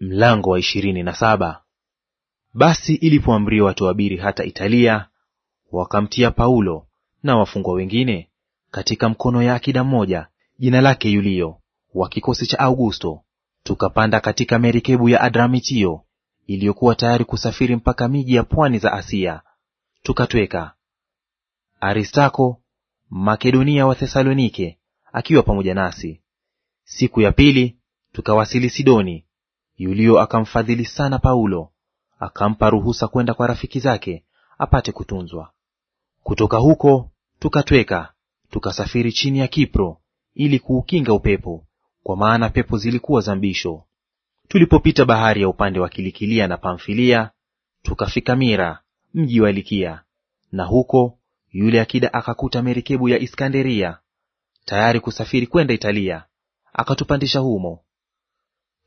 Mlango wa ishirini na saba. Basi ilipoamriwa tuabiri hata Italia, wakamtia Paulo na wafungwa wengine katika mkono ya akida mmoja jina lake Yulio wa kikosi cha Augusto, tukapanda katika merikebu ya Adramitio iliyokuwa tayari kusafiri mpaka miji ya pwani za Asia, tukatweka. Aristako Makedonia wa Thesalonike akiwa pamoja nasi. Siku ya pili tukawasili Sidoni Yulio akamfadhili sana Paulo, akampa ruhusa kwenda kwa rafiki zake apate kutunzwa. Kutoka huko tukatweka, tukasafiri chini ya Kipro ili kuukinga upepo, kwa maana pepo zilikuwa za mbisho. Tulipopita bahari ya upande wa Kilikilia na Pamfilia, tukafika Mira, mji wa Likia, na huko yule akida akakuta merikebu ya Iskanderia tayari kusafiri kwenda Italia, akatupandisha humo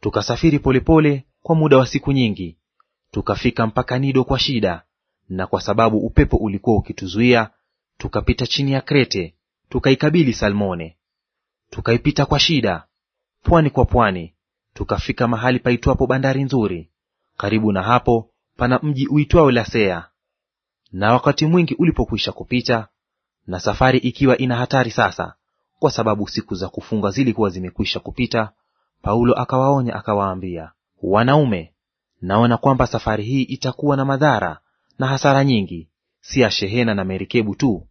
Tukasafiri polepole kwa muda wa siku nyingi, tukafika mpaka Nido kwa shida, na kwa sababu upepo ulikuwa ukituzuia, tukapita chini ya Krete, tukaikabili Salmone. Tukaipita kwa shida, pwani kwa pwani, tukafika mahali paitwapo bandari nzuri. Karibu na hapo pana mji uitwao Lasea. Na wakati mwingi ulipokwisha kupita, na safari ikiwa ina hatari sasa, kwa sababu siku za kufunga zilikuwa zimekwisha kupita, Paulo akawaonya akawaambia, wanaume, naona kwamba safari hii itakuwa na madhara na hasara nyingi, si ya shehena na merikebu tu,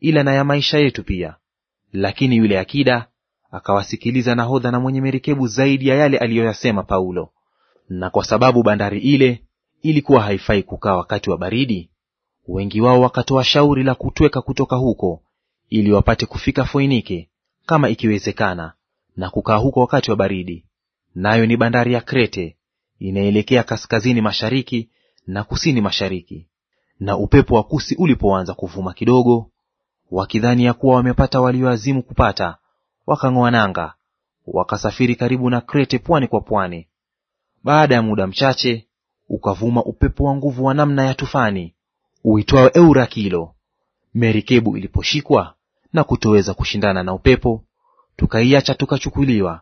ila na ya maisha yetu pia. Lakini yule akida akawasikiliza nahodha na mwenye merikebu zaidi ya yale aliyoyasema Paulo. Na kwa sababu bandari ile ilikuwa haifai kukaa wakati wa baridi, wengi wao wakatoa shauri la kutweka kutoka huko, ili wapate kufika Foinike kama ikiwezekana, na kukaa huko wakati wa baridi. Nayo ni bandari ya Krete, inaelekea kaskazini mashariki na kusini mashariki. Na upepo wa kusi ulipoanza kuvuma kidogo, wakidhani ya kuwa wamepata walioazimu kupata, wakang'oa nanga, wakasafiri karibu na Krete pwani kwa pwani. Baada ya muda mchache ukavuma upepo wa nguvu wa namna ya tufani uitwao Eurakilo. Merikebu iliposhikwa na kutoweza kushindana na upepo, tukaiacha tukachukuliwa.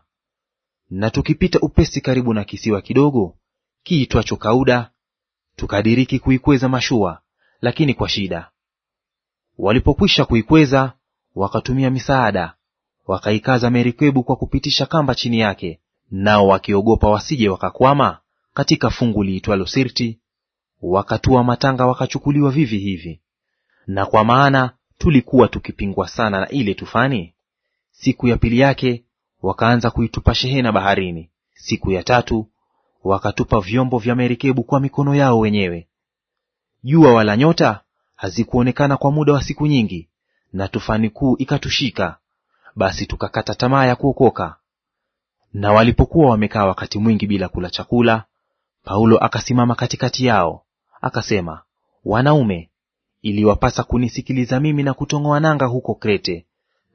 Na tukipita upesi karibu na kisiwa kidogo kiitwacho Kauda, tukadiriki kuikweza mashua, lakini kwa shida. Walipokwisha kuikweza, wakatumia misaada, wakaikaza merikebu kwa kupitisha kamba chini yake, nao wakiogopa wasije wakakwama katika fungu liitwalo Sirti, wakatua matanga, wakachukuliwa vivi hivi. Na kwa maana tulikuwa tukipingwa sana na ile tufani, Siku ya pili yake wakaanza kuitupa shehena baharini. Siku ya tatu wakatupa vyombo vya merikebu kwa mikono yao wenyewe. Jua wala nyota hazikuonekana kwa muda wa siku nyingi, na tufani kuu ikatushika. Basi tukakata tamaa ya kuokoka. Na walipokuwa wamekaa wakati mwingi bila kula chakula, Paulo akasimama katikati yao akasema, Wanaume, iliwapasa kunisikiliza mimi na kutong'oa nanga huko Krete,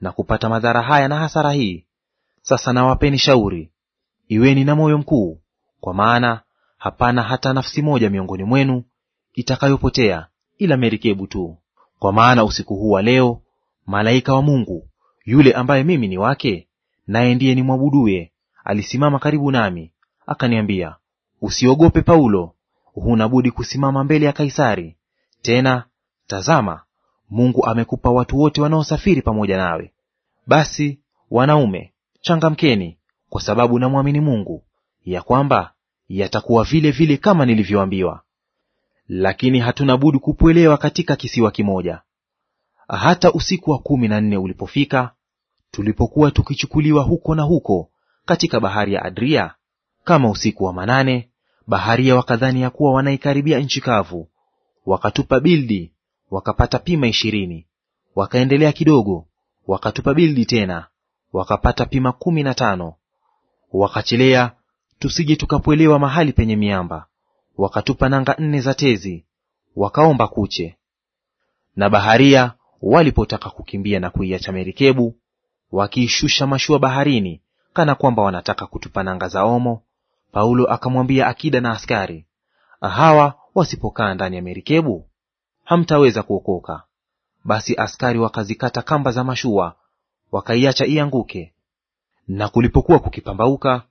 na kupata madhara haya na hasara hii. Sasa nawapeni shauri, iweni na moyo mkuu, kwa maana hapana hata nafsi moja miongoni mwenu itakayopotea, ila merikebu tu. Kwa maana usiku huu wa leo malaika wa Mungu yule ambaye mimi ni wake, naye ndiye nimwabuduye, alisimama karibu nami, akaniambia, usiogope Paulo, huna budi kusimama mbele ya Kaisari. Tena tazama, Mungu amekupa watu wote wanaosafiri pamoja nawe. Basi wanaume, changamkeni, kwa sababu namwamini Mungu ya kwamba yatakuwa vile vile kama nilivyoambiwa. Lakini hatuna budi kupwelewa katika kisiwa kimoja. Hata usiku wa kumi na nne ulipofika, tulipokuwa tukichukuliwa huko na huko katika bahari ya Adria, kama usiku wa manane, baharia wakadhani ya kuwa wanaikaribia nchi kavu, wakatupa bildi wakapata pima ishirini. Wakaendelea kidogo, wakatupa bildi tena, wakapata pima kumi na tano. Wakachelea tusije tukapwelewa mahali penye miamba, wakatupa nanga nne za tezi, wakaomba kuche. Na baharia walipotaka kukimbia na kuiacha merikebu, wakiishusha mashua baharini, kana kwamba wanataka kutupa nanga za omo, Paulo akamwambia akida na askari, hawa wasipokaa ndani ya merikebu hamtaweza kuokoka. Basi askari wakazikata kamba za mashua, wakaiacha ianguke. Na kulipokuwa kukipambauka,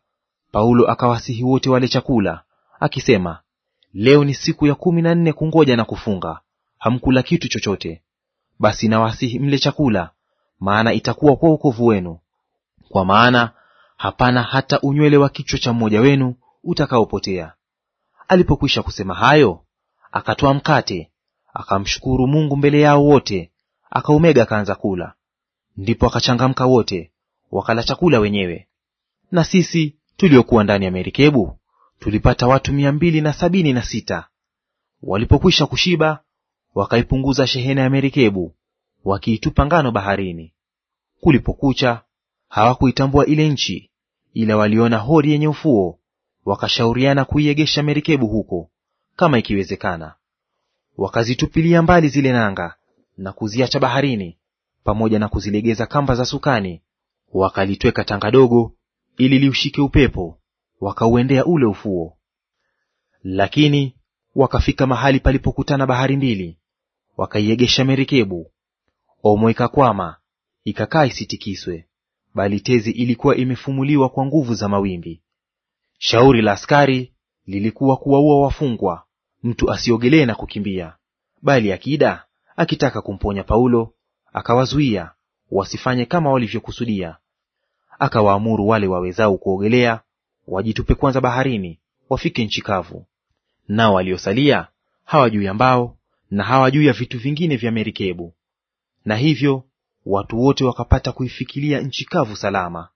Paulo akawasihi wote wale chakula, akisema, leo ni siku ya kumi na nne kungoja na kufunga, hamkula kitu chochote. Basi nawasihi mle chakula, maana itakuwa kwa wokovu wenu. Kwa maana hapana hata unywele wa kichwa cha mmoja wenu utakaopotea. Alipokwisha kusema hayo, akatoa mkate akamshukuru Mungu mbele yao wote, akaumega akaanza kula. Ndipo akachangamka wote, wakala chakula wenyewe. Na sisi tuliokuwa ndani ya merikebu tulipata watu mia mbili na sabini na sita. Walipokwisha kushiba, wakaipunguza shehena ya merikebu, wakiitupa ngano baharini. Kulipokucha, hawakuitambua ile nchi, ila waliona hori yenye ufuo, wakashauriana kuiegesha merikebu huko kama ikiwezekana wakazitupilia mbali zile nanga na kuziacha baharini, pamoja na kuzilegeza kamba za sukani. Wakalitweka tanga dogo ili liushike upepo, wakauendea ule ufuo. Lakini wakafika mahali palipokutana bahari mbili, wakaiegesha merikebu. Omo ikakwama ikakaa isitikiswe, bali tezi ilikuwa imefumuliwa kwa nguvu za mawimbi. Shauri la askari lilikuwa kuwaua wafungwa, mtu asiogelee na kukimbia. Bali akida akitaka kumponya Paulo akawazuia wasifanye kama walivyokusudia. Akawaamuru wale wawezao kuogelea wajitupe kwanza baharini, wafike nchi kavu. Nao waliosalia hawa juu ya mbao na hawa juu ya vitu vingine vya merikebu. Na hivyo watu wote wakapata kuifikilia nchi kavu salama.